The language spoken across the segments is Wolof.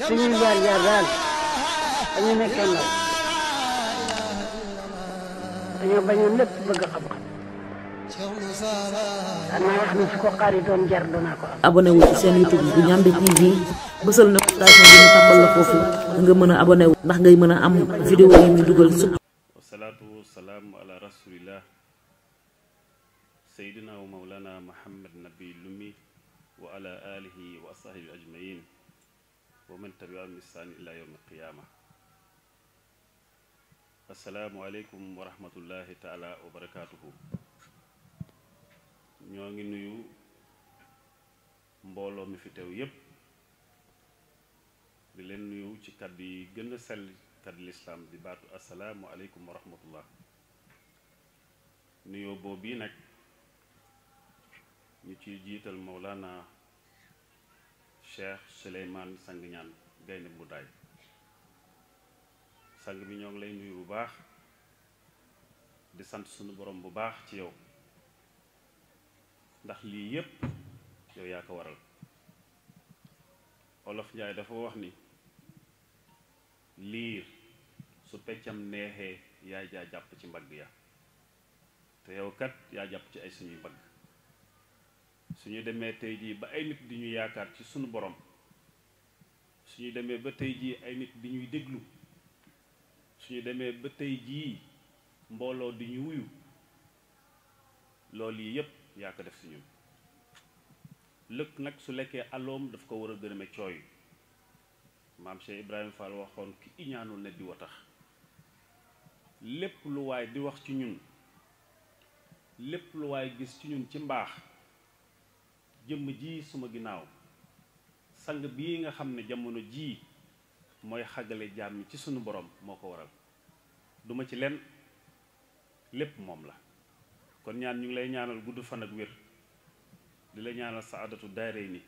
sini jaar-jaaral dañu nekkee ndaw dañoo bañoon lépp bëgg xam-xam abonné wu ci seen youtube bu ñambi tv bësal notification bi ñu tàmbal la foofu nga mën a abonné wu ndax ngay mën a vidéo yi ñu dugal su wasalaatu ala rasulillah sayyidina wa maulana muhammad nabi lumi wa ala alihi wa sahbihi ajmain ومن تبعهم بإحسان إلى يوم القيامة السلام عليكم ورحمة الله تعالى وبركاته taala nuyu mbooloo mi fi di nuyu ci yi di wa ci jital maulana cheikh Souleymane sang ñaan gaynde mbuddaay sang bi ñong lay nuyu bu baax di sant suñu borom bu baax ci yow ndax li yépp yow yaa ko waral olof njaay dafa wax ni liir su peccam neexee yaay jaa jàpp ci mbagg ya te yow kat yaa jàpp ci ay suñuy mbagg suñu demee tey jii ba ay nit di ñu yaakaar ci suñu borom suñu demee ba tey jii ay nit di ñuy déglu suñu demee ba tey jii mbooloo di ñu wuyu lool yi yépp yaa ko def si ñun lëkk nag su lekkee aloom daf ko war a gërëme cooy maam Cheikh Ibrahima Fall waxoon ki iñaanu ne di wa tax lépp lu waay di wax ci ñun lépp lu waay gis ci ñun ci mbaax jëm ji suma ginaaw sang bi nga xamne jamono ji moy xagalé jamm ci sunu borom moko waral duma ci len lepp mom la kon ñaan ñu ngi lay ñaanal guddu fan ak wër di la ñaanal saadatu daare ni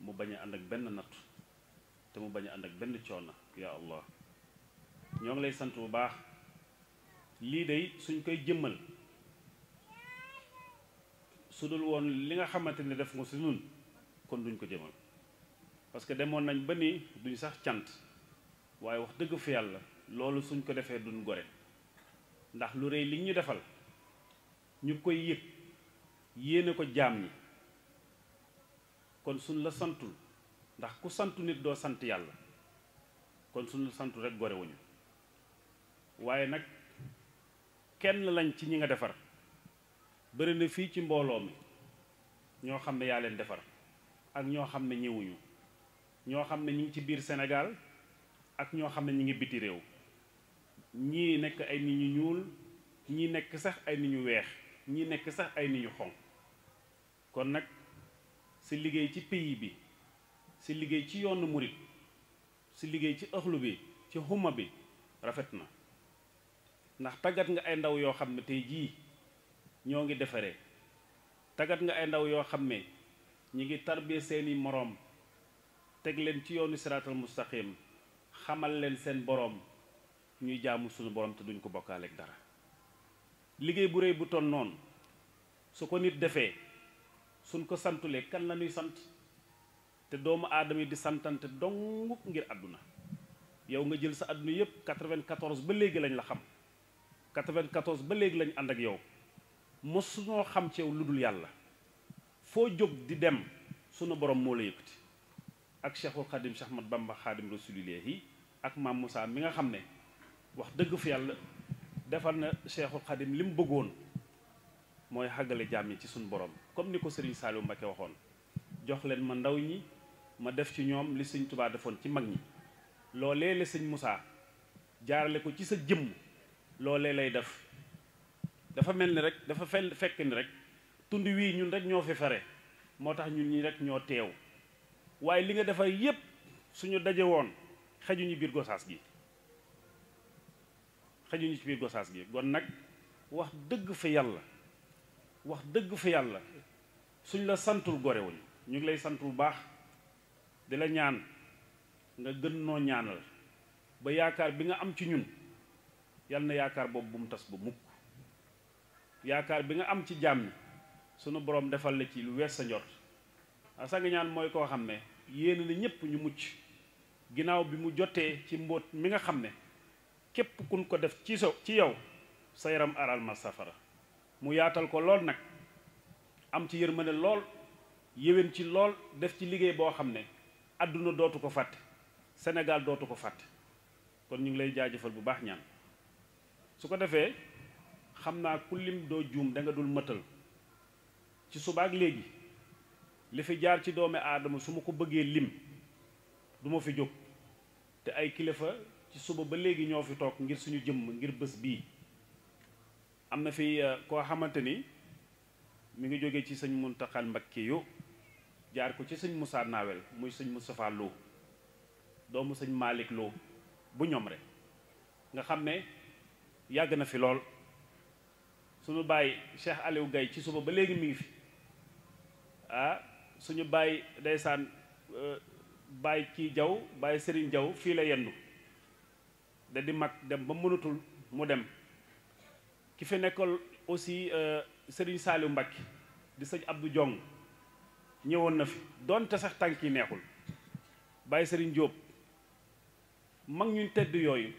mu baña and ak ben nat te mu baña and ak ben coono ya allah ñong lay sant bu baax li day suñ koy jëmmal su dul woon li nga xamante ni def nga si nun kon duñ ko jëmal parce que demoon nañ ba ni duñ sax cant waaye wax dëgg fa yàlla loolu suñ ko defee duñ gore ndax lu rëy li ñu defal ñu koy yëg yéene ko jaam ñi kon suñ la santul ndax ku santu nit doo sant yàlla kon suñ la santul rek gore wuñu waaye nag kenn lañ ci ñi nga defar bëri na fii ci mbooloo mi ñoo xam ne yaa leen defar ak ñoo xam ne ñëwuñu ñoo xam ne ñu ngi ci biir Sénégal ak ñoo xam ne ñu ngi biti réew ñii nekk ay nit ñu ñuul ñii nekk sax ay nit ñu weex ñii nekk sax ay nit ñu xonq kon nag si liggéey ci pays bi si liggéey ci yoonu murit si liggéey ci ëxlu bi ci xuma bi rafet na ndax tàggat nga ay ndaw yoo xam ne tey jii ñoo ngi defaree tagat nga ay ndaw yoo xam ne ñi ngi tarbiya seeni moroom teg leen ci yoonu siraatal mustaqim xamal leen seen boroom ñuy jaamu suñu boroom te duñ ko bokkaaleeg dara liggéey bu rëy bu ton noonu su ko nit defee suñ ko santulee kan la ñuy sant te doomu aadama yi di santante dong ngir àdduna yow nga jël sa àdduna yépp 94 ba léegi lañ la xam 94 ba léegi lañ ànd ak yow mos mosunoo xam ci lu dul yàlla foo jóg di dem sunu borom moo la yëkkati ak cheikhul xadim Cheikh Ahmad Bamba xaadim rasulillahi ak maam Moussa mi nga xam ne wax dëgg fa yàlla defal na cheikhul xadim li mu bëggoon mooy xàggale jaam yi ci sunu borom comme ni ko Serigne Saliou Mbacké waxoon jox leen ma ndaw ñi ma def ci ñoom li sëñ Tuubaa defoon ci mag ñi loolee la sëñ Moussa jaarale ko ci sa jëmm loolee lay def dafa mel ni rek dafa fel fekk ni rek tund wii ñun rek ñoo fi fare moo tax ñu ñi rek ñoo teew waaye li nga defar yépp suñu daje woon xajuñu biir gi xajuñu ci biir gosaas gi kon nag wax dëgg fa yàlla wax dëgg fa yàlla suñ la santul gorewuñu ñu ngi lay bu baax di la ñaan nga gën noo ñaanal ba yaakaar bi nga am ci ñun yal na yaakaar boobu bu mu tas bu mukk yaakaar bi nga am ci jaam ñi sunu borom defal la ci lu wees sa njort waaw sang ñaan mooy koo xam ne yéen na ñëpp ñu mucc ginnaaw bi mu jotee ci mbóot mi nga xam ne képp kun ko def ci so ci yow sa yaram aral ma safara mu yaatal ko lool nag am ci ma ne lool yéwén ci lool def ci liggéey boo xam ne àdduna dootu ko fàtte Sénégal dootu ko fàtte kon ñu ngi lay jaajëfal bu baax ñaan su ko defee xam naa ku lim doo juum danga nga dul mëtal ci subaak léegi li fi jaar ci doomi aadama su ma ko bëggee lim duma fi jóg te ay kilifa ci suba ba léegi ñoo fi toog ngir suñu jëmm ngir bés bii am na fi euh, koo xamante ni mi ngi jóge ci sëñ Muntaxal Mbakke yu jaar ko ci sëñ Moussa Nawel muy sëñ Moustapha Lo doomu sëñ Malick Lo bu ñoom rek nga xam ne yàgg na fi lool suñu bàyyi Cheikh Aliou Gaye ci suba ba léegi mu ngi fi ah suñu bàyyi ndeysaan euh, bàyyi kii jaw bàyyi Serigne jaw fii la yendu da di mag dem ba mënatul mu dem ki fi nekkal aussi euh, Serigne Saliou Mbacké di sëñ Abdou Diong ñëwoon na fi donte sax tànk yi neexul bàyyi Serigne Diop mag ñun tedd yooyu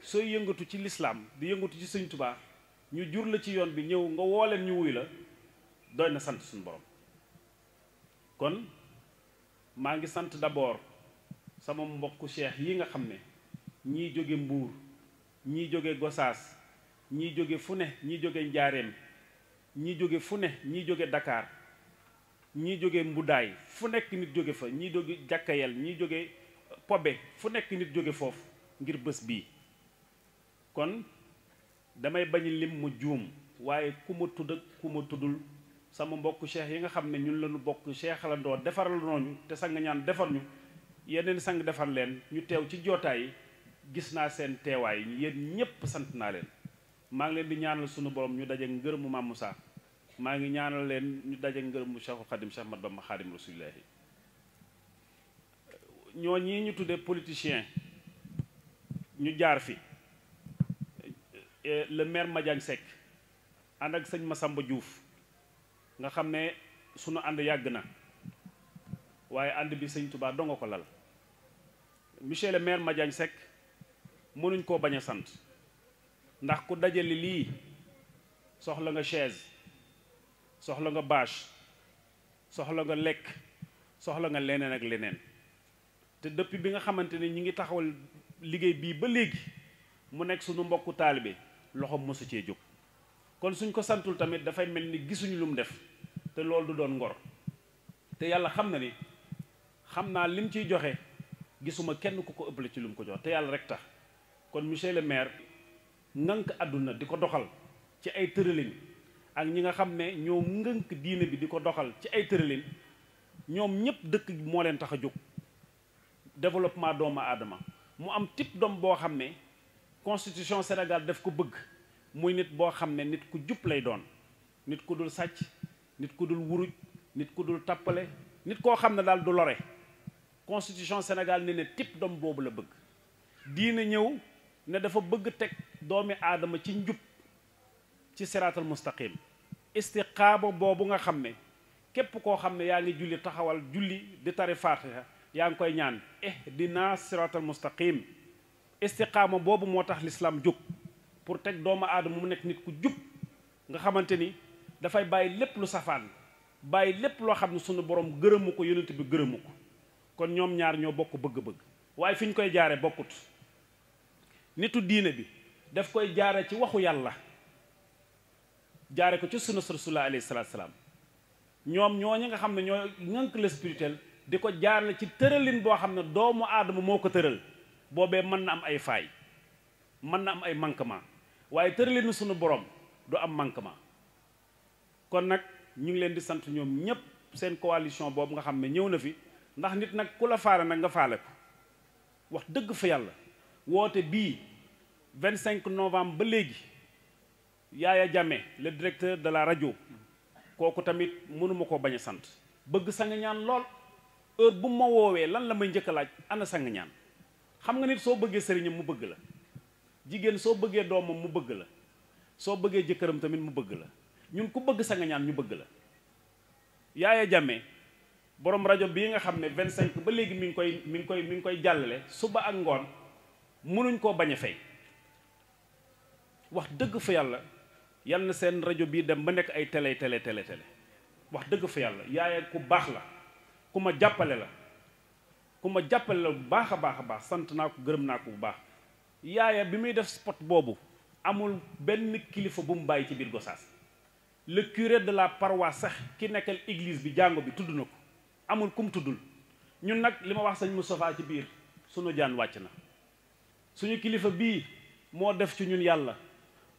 sooy yëngatu ci lislaam di yëngatu ci Sëñ Tubaa ñu jur la ci yoon bi ñëw nga wooleen ñu wuy la doy na sant suñu borom kon maa ngi sant d'abord sama mbokku cheikh yi nga xam ne ñii jóge mbuur ñii jóge gosaas ñii jóge fu ne ñii jóge njaareem ñii jóge fu ne ñii jóge dakaar ñii jóge mbudaay fu nekk nit jóge fa ñii jóge jàkkayel ñii jóge pobe fu nekk nit jóge foofu ngir bés bii kon damay bañ lim mu juum waaye ku ma tudd ak ku ma tuddul sama mbokk cheikh yi nga xam ne ñun lañu bokk cheikh la doo defaral nooñu te sang ñaan defar ñu yeneen sang defar leen ñu teew ci jootaay gis naa seen teewaay yéen ñépp sant naa leen maa ngi leen di ñaanal suñu borom ñu daje ngërëmu Maam Moussa maa ngi ñaanal leen ñu daje ngërëmu Cheikhul Khadim Cheikh Ahmad Bamba Khadim Rasulullahi ñoo ñii ñu tuddee politicien ñu jaar fi Eh, le maire Madiagne anak and ak seigne Massamba Diouf nga xam suñu and ànd yàgg na bi seigne Touba nga ko lal monsieur le maire Madiagne Seck mënuñ ko baña sante sant ndax ku dajali li soxla nga chaise soxla nga bâche soxla nga lek soxla nga lenen ak lenen te depuis bi nga xamanteni ñi ngi taxawal liggey bi ba legi mu nek suñu mbokku talibé loxoom mosu cee jóg kon suñ ko santul tamit dafay mel ni gisuñu lu mu def te loolu du doon ngor te yàlla xam na ni xam naa lim ciy joxe gisuma kenn ku ko ëppale ci lum ko jox te yàlla rek tax kon monsieur le maire ngënk àdduna di ko doxal ci ay tëralin ak ñi nga xam ne ñoom ngënk diine bi di ko doxal ci ay tëralin ñoom ñëpp dëkk moo leen tax a jóg développement doomu aadama mu am type doom boo xam ne constitution Sénégal def ko bëgg muy nit boo xam ne nit ku jub lay doon nit ku dul sàcc nit ku dul wuruj nit ku dul tappale nit koo xam ne daal du lore constitution Sénégal ne ne type doom boobu la bëgg diine ñëw ne dafa bëgg teg doomi aadama ci njub ci siraatal mustaqim istiqaama boobu nga xam ne képp koo xam ne yaa ngi julli taxawal julli di tari faatiha yaa ngi koy ñaan eh dina siraatal mustaqim istiqaama boobu moo tax lislaam jóg pour teg doomu aadama mu nekk nit ku jub nga xamante ni dafay bàyyi lépp lu safaan bàyyi lépp loo xam ne sunu borom gërëmu ko yonent bi gërëmu ko kon ñoom ñaar ñoo bokk bëgg-bëgg waaye fi ñu koy jaare bokkut nitu diine bi daf koy jaare ci waxu yàlla jaare ko ci sunu rasulullah alayhi salaatu salaam ñoom ñooñu nga xam ne ñoo ñànk le di ko jaarale ci tëralin boo xam ne doomu aadama moo ko tëral boobee mën na am ay faay mën na am ay manquement waaye tëralinu sunu borom du am manquement kon nag ñu ngi leen di sant ñoom ñépp seen coalition boobu nga xam ne ñëw na fi ndax nit nag ku la faale nag nga faale ko wax dëgg fa yàlla woote bii 25 novembre ba léegi Yaya jàmme la directeur de la rajo kooku tamit mënuma ko bañ a sant bëgg sang lool heure bu ma woowee lan la may njëkk laaj ana sang xam nga nit soo bëggee sëriñam mu bëgg la jigéen soo bëggee doomam mu bëgg la soo bëggee jëkkëram tamit mu bëgg la ñun ku bëgg sa ñu bëgg la yaaya jàmme boroom rajo bii nga xam ne vingt cinq ba léegi mi ngi koy mi ngi koy mi ngi koy jàllale suba ak ngoon mënuñ koo bañ a fay wax dëgg fa yàlla yal na seen rajo bii dem ba nekk ay tele télé télé wax dëgg fa yàlla yaaya ku baax la ku ma jàppale la ku ma jàppale la bu baax a baax a baax sant naa ko gërëm naa ko bu baax yaaya bi muy def spot boobu amul benn kilifa bu mu bàyyi ci biir Gossas le curé de la paroisse sax ki nekkal eglis bi jàngo bi tudd na ko amul kum tuddul ñun nag li ma wax sëñ Moustapha ci biir sunu jaan wàcc na suñu kilifa bii moo def ci ñun yàlla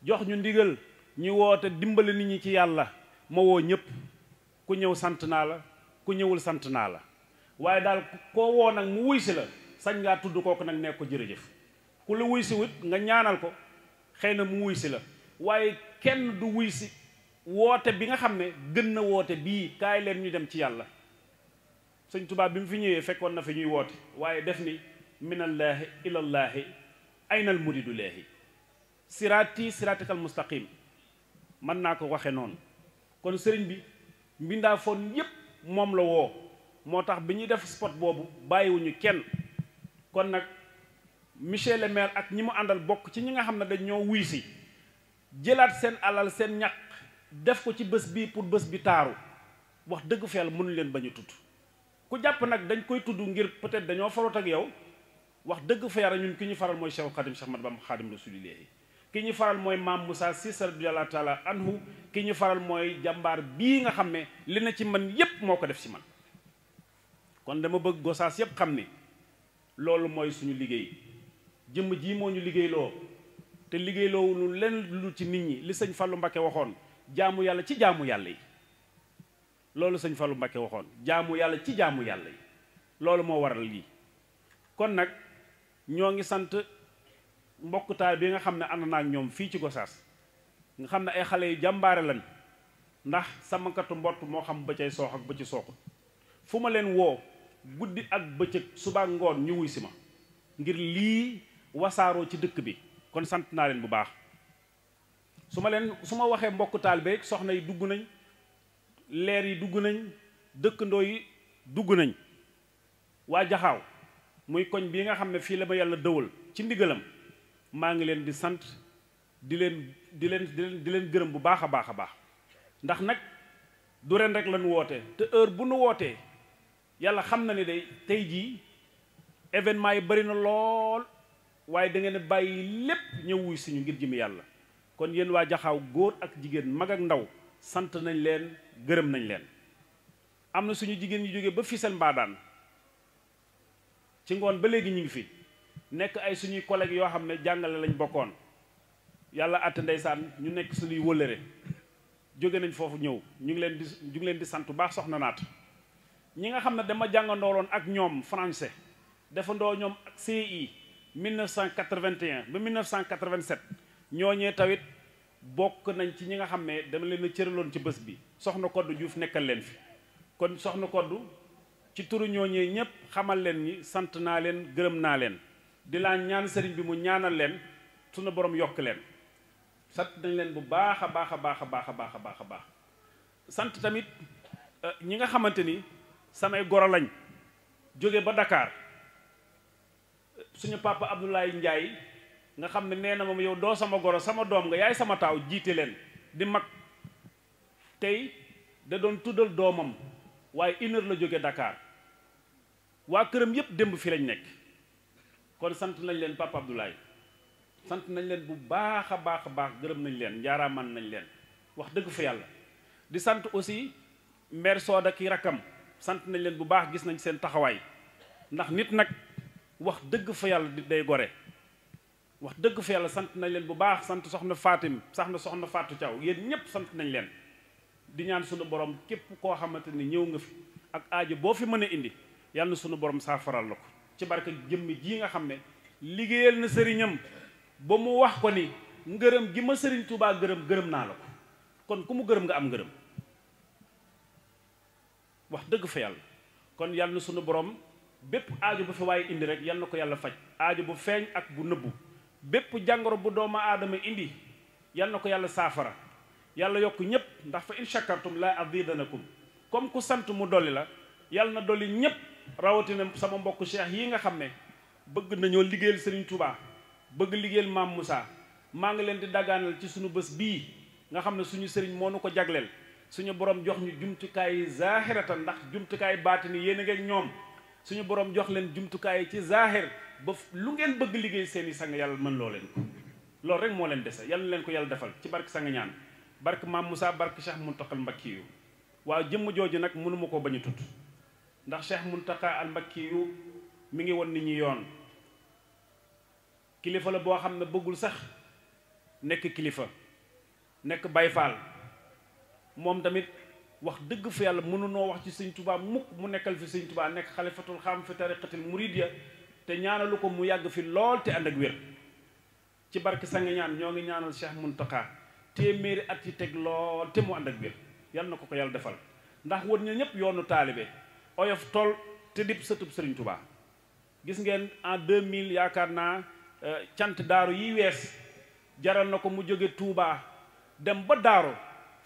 jox ñu ndigal ñu woote dimbali nit ñi ci yàlla ma woo ñëpp ku ñëw sant naa la ku ñëwul sant naa la waaye daal koo woo nag mu wuy si la sañ ngaa tudd kooku nag nekk ko jërëjëf ku la wuy si nga ñaanal ko xëy na mu wuy si la waaye kenn du wuy si woote bi nga xam ne gën na woote bii kaay leen ñu dem ci yàlla sëñ tubaab bi mu fi ñëwee fekkoon na fi ñuy woote waaye def ni minallaahi ilallaahi aynal muridu leehi siraati siraatikal mustaqim mën naa ko waxe noonu kon sëriñ bi mbindaa foon yépp moom la woo motax biñu def spot bobu bayiwuñu kenn kon nak monsieur le maire ak ñimu andal bok wizi ci ñi nga dañ ñoo jëlat sen alal sen ñak def ko ci bëss bi pour bëss bi taru wax dëgg feel mënu leen bañu tuddu ku japp nak dañ koy tuddu ngir peut-être dañoo farot ak yow wax dëgg yara ñun ki faral moy Cheikh Khadim Cheikh Ahmadou Khadim Rasulillah ki ñu faral mam musa sisar Cissé allah taala anhu ki faral moy jambar bi nga xamne li na ci man yépp moko def ci man kon dama bëgg gosaas yépp xam ni loolu mooy suñu liggéey jëmm jii moo ñu liggéeyloo te liggéeyloowu lu len lu ci nit ñi li sëñ Fallou Mbakke waxoon jaamu yàlla ci jaamu yàlla yi loolu sëñ Fallou Mbakke waxoon jaamu yàlla ci jaamu yàlla loolu moo waral lii kon nag ñoo ngi sant mbokkutaay bi nga xam ne ànd naak ñoom fii ci gosaas nga xam ne ay xale yu jàmbaare lan ndax samakatu mbott moo xam ba soox ak ba fu ma leen woo guddi ak bëccëg suba ngoon ñu wuy si ma ngir lii wasaaroo ci dëkk bi kon sant naa leen bu baax su ma leen su ma waxee mbokku taalibe soxna yi dugg nañ leer yi dugg nañ dëkkandoo yi dugg nañ waa jaxaw muy koñ bii nga xam ne fii la ma yàlla dëwal ci ndigalam maa ngi leen di sant di leen di leen di leen di leen gërëm bu baax a baax a baax ndax nag du ren rek lañu woote te heure bu nu wootee Yalla, xam na ni day tay ji événement yi bari na lool waaye da ngeen bàyyi lépp ñëw suñu ngir jëmi yàlla kon yéen waa jaxaw góor ak jigéen mag ak ndaw sant nañ leen gërëm nañ leen am na suñu jigéen ñu jógee ba fiisal mbaadaan ci ngoon ba léegi ñu ngi fi nekk ay suñuy collègues yoo xam ne jàngale lañ bokkoon yàlla àtte ndeysaan ñu nekk suñuy wëllëre jóge nañ foofu ñëw ñu ngi leen di ñu ngi leen di sant bu baax soxna ñi nga xam ne dama jàngandooloon ak ñoom francais defandoo ñoom ak CI 1981 ba 1987 ñooñee tawit bokk nañ ci ñi nga xam ne dama leen a cëraloon ci bés bi soxna Koddu Diouf nekkal leen fi kon soxna Koddu ci turu ñooñee ñëpp xamal leen ni sant naa leen gërëm naa leen di laa ñaan sëriñ bi mu ñaanal leen sunu boroom yokk leen sant nañ leen bu baax a baax a baax a baax a baax a baax a baax sant tamit eh, ñi nga xamante ni samay goro lañ jóge ba Dakar suñu papa Abdoulaye Ndiaye nga xam ne mom yow do sama goro sama dom nga yaay sama taw jité len di mak tay da doon tuddal domam, waye une heure la Dakar wa kërëm yépp demb fi lañ nek kon sant nañ len papa Abdoulaye sant nañ len bu bah a baax baax gërëm nañ leen man nañ len wax deug fa yalla di sant aussi mère Soda ki rakam sant nañ leen bu baax gis nañ seen taxawaay ndax nit nag wax dëgg fa yàlla di day gore wax dëgg fa yàlla sant nañ leen bu baax sant soxna Fatim sax na soxna Fatou Thiaw yéen ñëpp sant nañ leen di ñaan sunu borom képp koo xamante ni ñëw nga fi ak aajo boo fi mën a indi yàlla na sunu borom saafaral la ko ci barke jëmmi ji nga xam ne liggéeyal na sëriñam ba mu wax ko ni ngërëm gi ma sëriñ Tuubaa gërëm gërëm naa la ko kon ku mu gërëm nga am ngërëm wax deug fa yalla kon yalla sunu borom bepp aaju bu fi way indi rek yalla na ko yàlla faj bu feñ ak bu neub bepp jangoro bu doomu adama indi yalla na ko yàlla saafara yàlla yokk ñépp ndax fa in shakartum la azidanakum kom ku sant mu doli la yalla na ñep rawati rawatina sama mbokk cheikh yi nga xamne bëgg nañu liggéeyal Serigne Touba bëgg liggéeyal mam Moussa ma ngi leen di daganal ci sunu bëss bi nga xamne suñu serigne moo ko suñu borom jox ñu jumtukaay zaahiratan ndax jumtukaay baatini yéen a ngi ñoom suñu borom jox leen jumtukaay yi ci zaahir ba lu ngeen bëgg liggéey seeni sang yàlla mën loo leen ko loolu rek moo leen dese yàlla leen ko yàlla defal ci barke sang ñaan barke maam Moussa barke Cheikh Muntaqa Mbakki yu waaw jëmm jooju nag mënuma ma koo bañ a tudd ndax Cheikh Muntaqa al Mbakki mi ngi won nit ñi yoon kilifa la boo xam ne bëggul sax nekk kilifa nekk bayfaal mom tamit wax deug fa yàlla mënunoo wax ci seigne touba mukk mu nekkal fi seigne touba nek khalifatul kham fi tariqatil muridiya te ñaanalu ko mu yàgg fi lol te ànd ak wér ci barke sang ñaan ñoo ngi ñaanal Cheikh Mountakha téeméeri at ci teg lol te mu ànd ak wér yal ko yalla defal ndax won ña ñep yoonu talibé oyof tol te dip sëtub seigne touba gis ngeen en 2000 yakarna naa euh, cant yi wess jaral nako mu joge Touba dem ba daru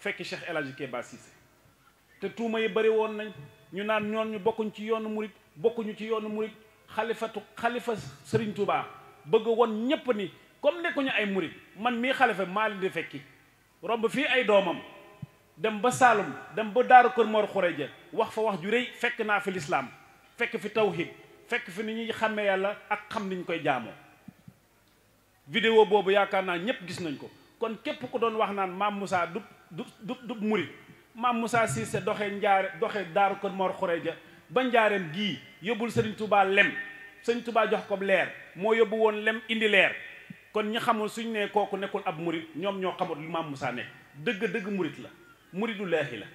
fekk Cheikh El Hadji te tuuma yi bëri woon nañ ñu naan ñoon ñu bokkuñ ci yoonu murit bokkuñu ci yoonu murit xalifatu xalifa sëriñ Touba bëgg woon ñépp ni comme nekkuñu ay murit man mii xalifa maa leen di fekki romb fii ay doomam dem ba Saalum dem ba Daaru Kër Mor ja wax fa wax ju rëy fekk naa fi lislaam fekk fi tawhid fekk fi ni ñuy xàmmee yàlla ak xam niñ koy jaamoo vidéo boobu yaakaar naa ñépp gis nañ ko kon képp ku doon wax naan maam Moussa du du du du murit maam Moussa Cissé doxee njaare doxe daaru kër moo Xureja ba njaareem gii yóbbul sëriñ Touba lem sëñ Touba jox ko leer moo yóbbu woon lem indi leer kon ñi xamul suñ ne kooku nekkul ab murit ñoom ñoo xamul lu maam Moussa nekk dëgg dëgg murit la muridu laahi la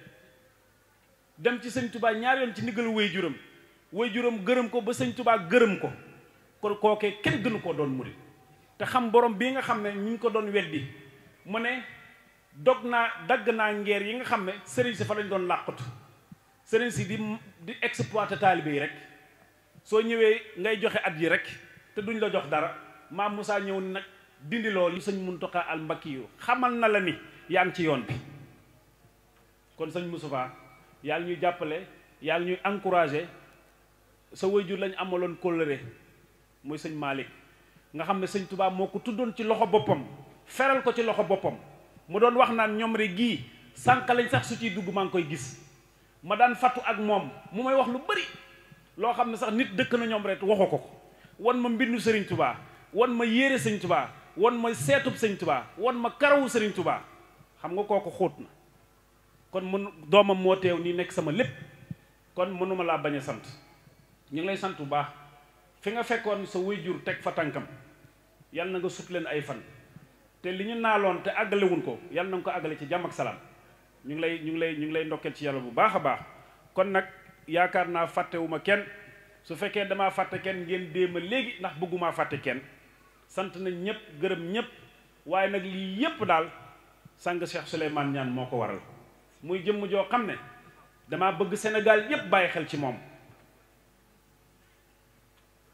dem ci sëñ Touba ñaar yoon ci ndigalu way juram way juram gërëm ko ba sëñ Touba gërëm ko kon kookee kenn gënu koo doon murit te xam borom bii nga xam ne ñu ngi ko doon weddi mu ne dog naa dagg naa ngeer yi nga xam ne sëriñ si fa lañ doon làqatu sëriñ si di di exploité taalibe yi rek soo ñëwee ngay joxe at yi rek te duñ la jox dara maam Moussa ñëw nag dindi loolu sëñ Muntaxa al Mbakkiyu xamal na la ni yaa ngi ci yoon bi kon sëñ Moustapha yaa ngi ñuy jàppale yaa ngi ñuy encouragé sa jur lañ amaloon kóllëre mooy sëñ Malick nga xam ne sëñ Touba moo ko tuddoon ci loxo boppam feral ko ci loxo bopam mu doon wax naan ñom rek gi sank lañ sax su ci dugg ma ngoy gis ma daan fatu ak mom mu may wax lu bari lo xamne sax nit dekk na ñom rek waxoko ko won wan ma mbindu Serigne Touba wan ma yere Serigne Touba wan ma seetub Serigne Touba wan ma karawu Serigne Touba xam nga koko xootna kon mu domam mo tew ni nek sama lepp kon munuma malabanya baña sant ñu ngi lay sant bu baax fi nga fekkoon sa wayjur tek fa tankam yalla nga sut len ay fan te li ñu naaloon te àggalewuñ ko yàlla na nga ko àggale ci jàmm ak salaam ñu ngi lay ñu ngi lay ñu ngi lay ndokkeel ci yàlla bu baax a baax kon nag yaakaar naa fàttewuma kenn su fekkee damaa fàtte kenn ngeen déema léegi ndax bëgguma fàtte kenn sant nañ ñëpp gërëm ñëpp waaye nag lii yëpp daal sang Cheikh Souleymane Niane moo ko waral muy jëmm joo xam ne dama bëgg Sénégal yëpp bàyyi xel ci moom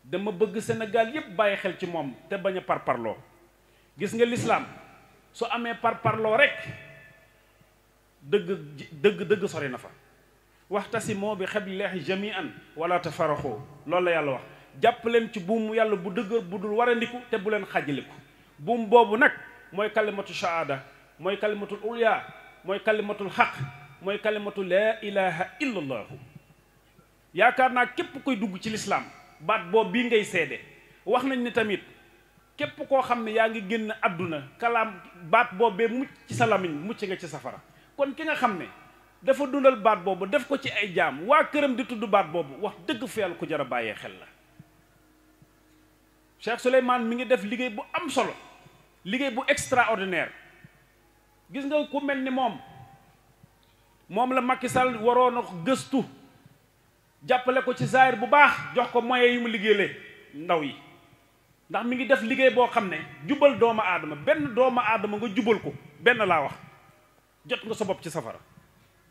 dama bëgg Sénégal yëpp bàyyi xel ci moom te bañ a parparloo gis nga lislaam su amee par parloo rek dëgg dëgg dëgg sori na fa waxtasimoo bi xablillaahi jamian wala tafaraxoo loolu la yàlla wax jàpp leen ci buum yàlla bu dëgg bu dul warandiku te bu leen xaajaliku buum boobu nag mooy kalimatu shahaada mooy kalimatu ulya mooy kalimatu xaq mooy kalimatu laa ilaha illallahu yaakaar naa képp koy dugg ci lislaam baat boobu bii ngay seede wax nañ ni tamit képp koo xam ne yaa ngi génn àdduna kalaam baat boobee mucc ci sa lamiñ mucc nga ci safara kon ki nga xam ne dafa dundal baat boobu def ko ci ay jaam waa këram di tudd baat boobu wax dëgg fa yàlla ku jar xel la Cheikh Souleymane mi ngi def liggéey bu am solo liggéey bu extraordinaire gis nga ku mel ni moom moom la Macky Sall waroon a gëstu jàppale ko ci zaahir bu baax jox ko moyens yi mu liggéeyee ndaw yi ndax mi ngi def liggéey boo xam ne jubal doomu aadama benn doomu aadama nga jubal ko benn laa wax jot nga sa bopp ci safara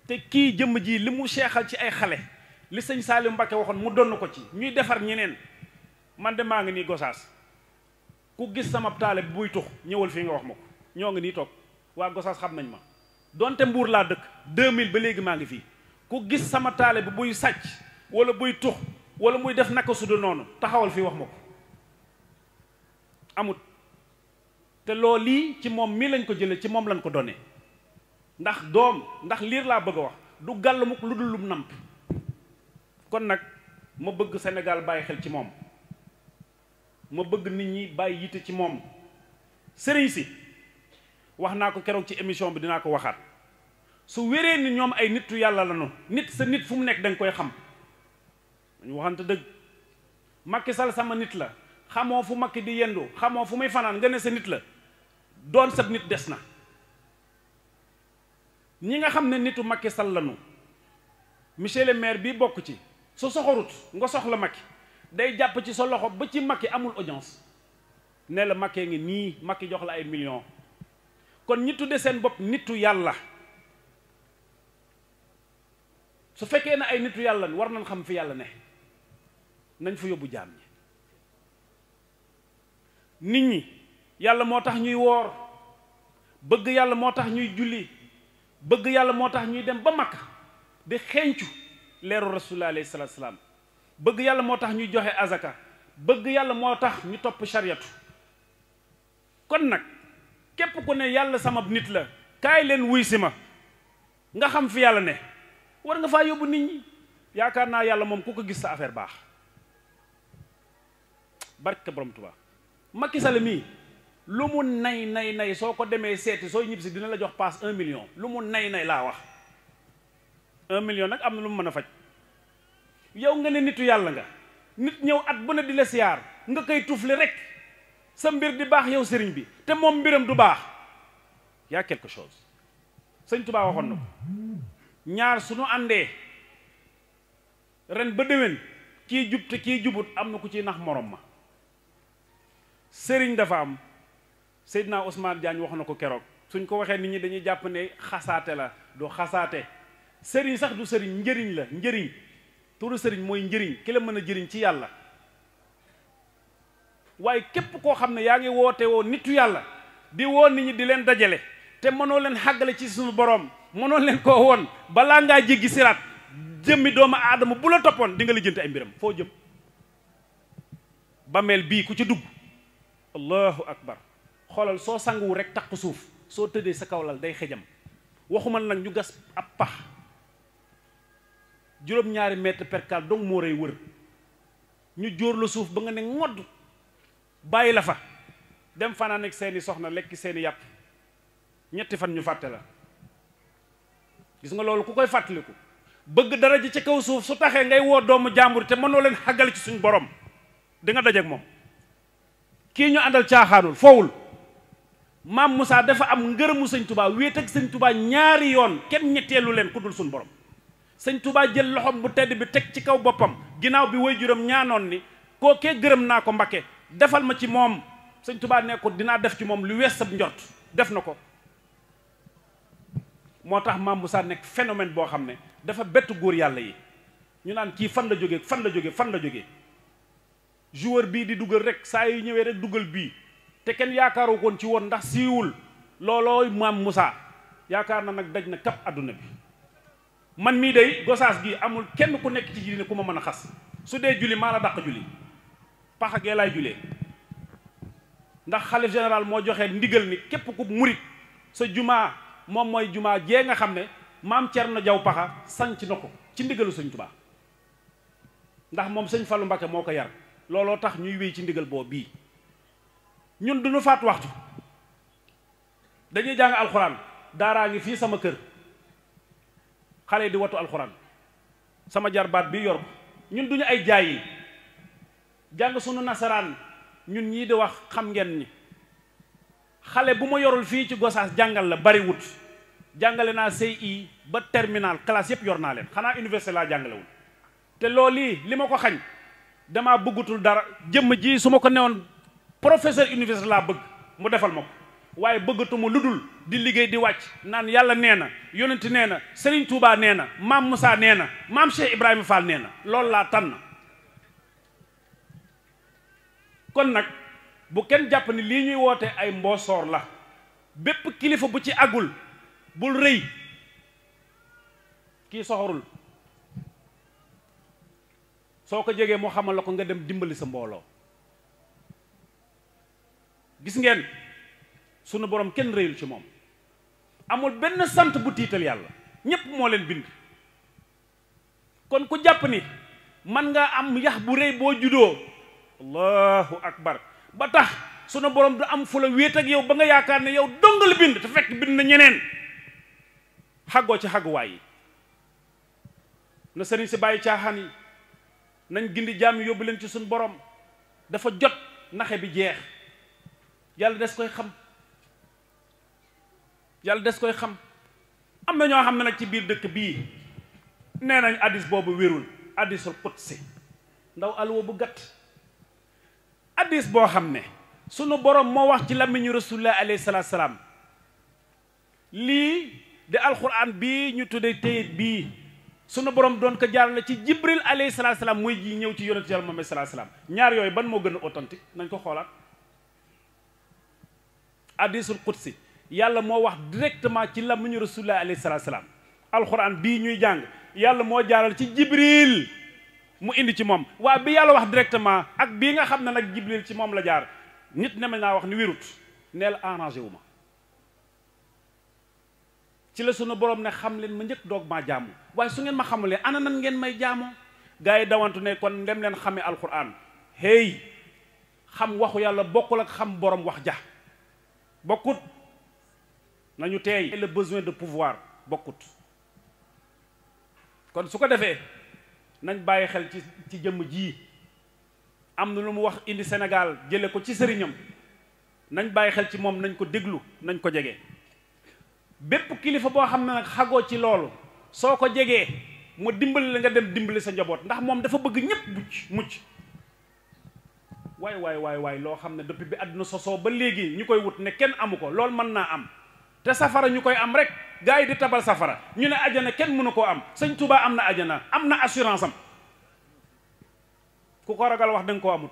te kii jëmm ji li mu seexal ci ay xale li sëñ Salim Mbacke waxoon mu donn ko ci ñuy defar ñeneen man de maa ngi nii gosaas ku gis sama taale bi buy tux ñëwal fii nga wax ma ko ñoo ngi nii toog waa gosaas xam nañ ma donte mbuur laa dëkk 2000 ba léegi maa ngi fii ku gis sama taale bi buy sàcc wala buy tux wala muy def naka su noonu taxawal fii wax ma ko amut te loo lii ci moom mii lañ ko jëlee ci moom lañ ko donee ndax doom ndax liir laa bëgg a wax du gàll mukk lu dul lum namp kon nag ma bëgg senegal bàyyi xel ci moom ma bëgg nit ñi bàyyi yite ci moom sëriñ si wax naa ko keroog ci émission bi dinaa ko waxaat su wéree ni ñoom ay nittu yàlla lañu nit sa nit fu mu nekk danga koy xam dañu waxante dëgg Macky Sall sama nit la xamoo fu makki di yendu xamoo fu muy fanaan nga ne sa nit la doon sa nit des na ñi nga xam ne nitu Macky Sall lanu monsieur le maire bii bokk ci su soxorut nga soxla makki day jàpp ci sa loxo ba ci Macky amul audience ne la Macky ngi nii makki jox la ay million kon ñi de seen bopp nitu yàlla su fekkee ne ay nitu yàlla war nañ xam fi yàlla ne nañ fa yóbbu jaam ñi nit ñi yàlla moo tax ñuy woor bëgg yàlla moo tax ñuy julli bëgg yàlla moo tax ñuy dem ba Makka di xencu leeru rasulullah alayhi salaam bëgg yàlla moo tax ñuy joxe azaka bëgg yàlla moo tax ñu topp sariyatu kon nag képp ku ne yàlla sama nit la kaay leen wuy si ma nga xam fi yàlla ne war nga faa yóbbu nit ñi yaakaar naa yàlla moom ku ko gis sa affaire baax barke Macky Sall mii lu mu nay nay nay soo ko demee seeti soo ñibbisi dina la jox paas un million lu mu nay nay laa wax un million nag am na lu mu mën a faj yow nga ne nitu yàlla nga nit ñëw at bu ne di la nga koy tufle rek sa mbir di baax yow sëriñ bi te moom mbiram du baax yaa quelque chose sëñ Tuubaa waxoon na ko ñaar suñu àndee ren ba déwén kii jub te kii jubut am na ku ciy nax morom ma sering dafa am sayyidna Ousmane Diagne wax na ko keroog suñ ko waxé nit ñi dañuy japp né xasaate la do xasaate sering sax du sering njëriñ la njëriñ turu sering moy njëriñ ki la mëna jëriñ ci yalla waye képp ko xamné ya nga woté wo nitu yalla di wo nit ñi di leen dajalé té mëno leen xàggale ci suñu borom mëno leen ko woon balaa nga jéggi sirat jëmmi doomu aadama bu la topone di nga lijjanti ay mbiram fo jëm bi ku ci dugg allahu akbar xoolal soo sanguwu rek taq suuf soo tëddee sa kawlal day xejam waxuma nag ñu gas ab pax juróom-ñaari mètre percal dong moo rey wër ñu jóor la suuf ba nga ne ngodd bàyyi la fa dem fanaan ak seeni soxna lekk seeni yàpp ñetti fan ñu fàtte la gis nga loolu ku koy fàttaliku bëgg dara ji ci kaw suuf su taxee ngay woo doomu jàmbur te mënoo leen xàggal ci suñ boroom di nga dajeek moom kii ñu àndal caaxaanul foowul maam Moussa dafa am ngërëmu sëñ Touba wéet ak sëñ Touba ñaari yoon kenn ñetteelu leen ku dul suñ borom sëñ tubaa jël loxoom bu tedd bi teg ci kaw boppam ginnaaw bi waajuram ñaanoon ni kookee gërëm naa ko Mbakke defal ma ci moom sëñ tubaa ne dinaa def ci moom lu wees sab njort def na ko moo tax maam Moussa nekk phénomène boo xam ne dafa bett góor yàlla yi ñu naan kii fan la jóge fan la jógee fan la jógee joueur bii di dugal rek saa yu ñëwee rek dugal bii te kenn yaakaaru koon ci woon ndax siiwul loolooy maam Moussa yaakaar na nag daj na kap àdduna bi man mii day gosaas gi amul kenn ku nekk ci diine ku ma mën a xas su dee julli maa la dàq paxa gee laay ndax xalif général moo joxe ndigal ni képp ku murit sa jumaa moom mooy jumaa jee nga xam ne maam na Jaw paxa sanc na ko ci ndigalu sëñ Tuubaa ndax moom sëñ falu Mbàkke moo ko yar looloo tax ñuy wéy ci ndigal boobu bii ñun duñu faat waxtu dañuy jàng alxuraan daaraa ngi fii sama kër xale di watu alxuraan sama jarbaat bi yor ñun duñu ay jaay yi jàng sunu nasaraan ñun ñii di wax xam ngeen ni xale bu ma yorul fii ci gosaas jàngal la bariwut jàngale naa CI ba terminal classe yëpp yor naa leen xanaa université laa jàngalewul te lool lii li ma ko xañ damaa bëggutul dara jëmm ji su ma ko newoon professeur université laa bëgg mu defal ma ko waaye bëggatuma lu dul di liggéey di wàcc naan yàlla nee na yonent nee na Serigne Touba nee na maam Moussa nee na maam Cheikh Ibrahima Fall nee na loolu laa tànn kon nag bu kenn jàpp ni lii ñuy woote ay mboosoor la bépp kilifa bu ci àggul bul rëy kii soxorul soo ko jegee moo xamal la ko nga dem dimbali sa mbooloo gis ngeen sunu boroom kenn réyul ci moom amul benn sant bu tiital yàlla ñépp moo leen bind kon ku jàpp ni man nga am yax bu rëy boo juddoo allahu akbar ba tax sunu borom du am fu la wéet ak yow ba nga yaakaar ne yow dongal bind te fekk bind na ñeneen xagoo ci xagguwaay yi na sëriñ si bàyyi caaxaan yi nañ gindi jaam yóbbu leen ci suñu borom dafa jot naxe bi jeex yàlla des koy xam yàlla des koy xam am na ñoo xam ne nag ci biir dëkk bii nee nañ addis boobu wérul addisul qudsi ndaw alwa bu gàtt addis boo xam ne sunu borom moo wax ci làmmiñu rasulullah alayhi salaa salaam lii di alquran bii ñu tuddee téyit bii sunu borom doon ko la ci jibril alayhi salaatu salaam muy ji ñëw ci yonentu yàlla Muhammad salaatu salaam ñaar yooyu ban moo gën a nañ ko xoolaat hadisul qudsi yàlla moo wax directement ci làmmiñu rasulullah alayhi salaatu salaam alquran bii ñuy jàng yàlla moo jaaral ci jibril mu indi ci moom waaye bi yàlla wax directement ak bii nga xam ne nag jibril ci moom la jaar nit ne ma naa wax ni wirut neel arrangé wu ma ci la sunu borom ne xam leen ma njëkk doog maa jaamu waaye su ngeen ma xamulee ana nan ngeen may jaamoo gars yi dawantu ne kon dem leen xamee alquran hey xam waxu yàlla bokkul ak xam boroom wax ja bokkut nañu teey le besoin de pouvoir bokkut kon su ko defee nañ bàyyi xel ci ci jëmm ji am na lu mu wax indi Sénégal jële ko ci sëriñam nañ bàyyi xel ci moom nañ ko déglu nañ ko jege bépp kilifa boo xam ne nag xagoo ci loolu soo ko jegee mu dimbali la nga dem dimbali sa njaboot ndax moom dafa bëgg ñëpp mucc mucc waay waay waaye loo xam ne depuis bi àdduna sosoo ba léegi ñu koy wut ne kenn amu ko lool mën naa am te safara ñu koy am rek gars yi di tabal safara ñu ne ajana kenn mënu koo am sëñ tubaa am na ajana am na assurance am ku ko ragal wax da nga koo amut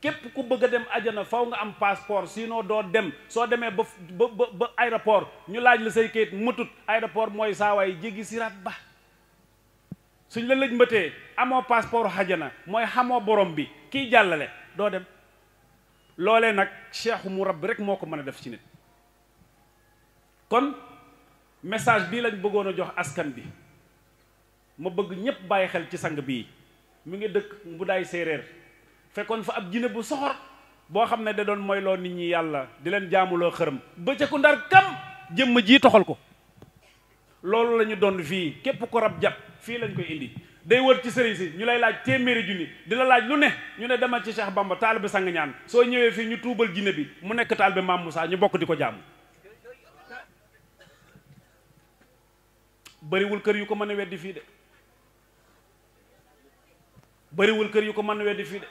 képp ku bëgg a dem ajana faw nga am passeport sinon doo dem soo demee ba ba ba aéroport ñu laaj la say kayit matut aéroport mooy saawaay jéggi siraat ba suñ la lëj mbëtee amoo passeport ajana mooy xamoo borom bi kiy jàllale doo dem loole nag cheikhu mu rab rek moo ko mën a def ci nit kon message bii lañ bëggoon a jox askan bi ma bëgg ñépp bàyyi xel ci sang bii mu ngi dëkk Mbudaay Séeréer fekkoon fa ab jinne bu soxor boo xam ne da doon moyloo nit ñi yàlla di leen jaamuloo xërëm bëccëgu ndar kam jëmm ji toxal ko loolu lañu ñu doon fii képp ko rab jàpp fii lañ koy indi day wër ci sëriñ si ñu lay laaj téeméeri junni di la laaj lu ne ñu ne demal ci Cheikh Bamba taalibe sang ñaan soo ñëwee fii ñu tuubal jinne bi mu nekk taalibe Maam Moussa ñu bokk di ko jaamu bariwul kër yu ko mën a weddi fii de bëriwul kër yu ko mën a weddi fii de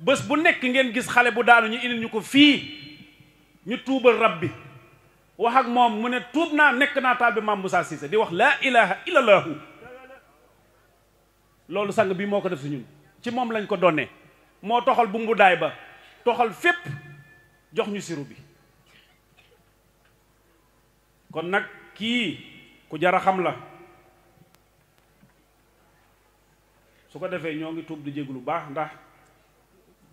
bës bu nekk ngeen gis xale bu daanu ñu indil ñu ko fii ñu tuubal rab bi wax ak moom mu ne tuub naa nekk naa taal bi maam Moussa Cissé di wax laa ilaha illallahu loolu sang bi moo ko def si ñun ci moom lañ ko donne moo toxal bu mbu ba toxal fépp jox ñu siru bi kon nag kii ku jar a xam la su ko defee ñoo ngi tuub di lu baax ndax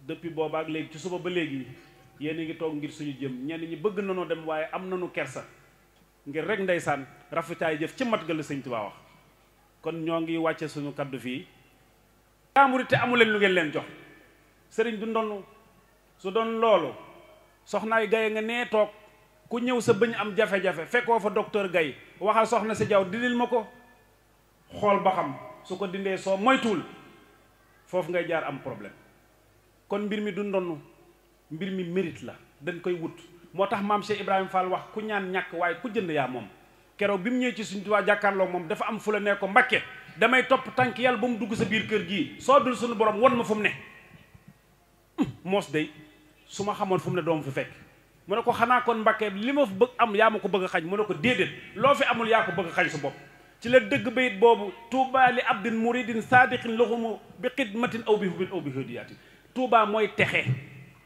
depuis booba ak léegi ci suba ba léegi yéen a ngi toog ngir suñu jëm ñenn ñi bëgg nañoo dem waaye am nañu kersa ngir rek ndeysaan rafetaay jëf ci mat ga la sëñ Tuubaa wax kon ñoo ngi wàcce suñu kaddu fii jaamuri te amu leen lu ngeen leen jox sëriñ du ndonn su doon loolu soxnaay gaye nga nee toog ku ñëw sa bëñ am jafe-jafe fekkoo fa docteur gay waxal soxna si jaw dindil ma ko xool ba xam su ko dindee soo moytuwul foofu ngay jaar am problème kon mbir mi du ndonn mbir mi mérite la dañ koy wut moo tax maam Cheikh Ibrahima Fall wax ku ñaan ñàkk waaye ku jënd yaa moom keroog bi mu ñëwee ci suñu Tuubaa jàkkaarloo moom dafa am fu la ne ko Mbàkke damay topp tànk yàlla ba mu dugg sa biir kër gi soo dul suñu borom won ma fu mu ne moos day su ma xamoon fu mu ne doom fu fekk mu ne ko xanaa kon Mbàkke li ma bëgg am yaa ma ko bëgg a xañ mu ne ko déedéet loo fi amul yaa ko bëgg xañ sa bopp ci la dëgg bayit boobu tuubaa li abdin muridin saadiqin laxumu bi xidmatin aw bi hubin aw bi hudiyaatin Touba mooy texe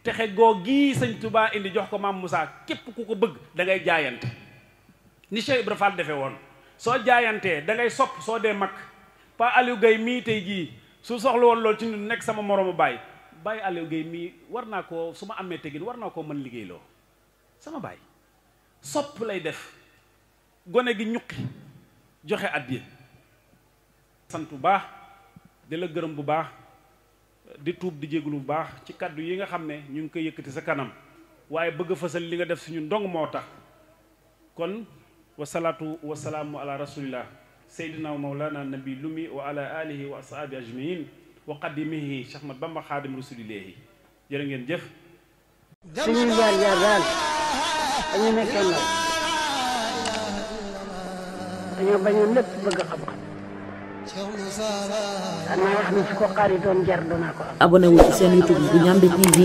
texe goo gii sëñ Touba indi jox ko maam musaa képp ku ko bëgg dangay ngay jaayante ni Cheikh Ibra Fall defe woon soo jaayantee da ngay sopp soo dee mag Pa Aliou gay mii tey jii su soxla woon loolu ci ñun nekk sama moroomu baay bàyyi Aliou Gueye mii war naa ko su ma amee tegin war naa koo mën liggéeyloo sama baay sopp lay def gone gi ñuqi joxe addiya sant bu baax di la gërëm bu baax di tuub di jéglu bu baax ci kaddu yi nga xam ne ñu ngi koy yëkkati sa kanam waaye bëgg fësal li nga def suñu ndong moo tax kon wa wa wasalaamu ala rasulillah wa maulana nabi lumi wa ala alihi wa ashabi ajmain wa qadimihi cheikh mat bamba khadim rasulillah jërë ngeen jëf suñuy yar jaar daal ñu nekkal la ñu bañu lépp bëgg xam-xam danaa wax ni su ko xaridoon jar danaa ko am. abonné wu ci seen YouTube bu Ndiamé TV.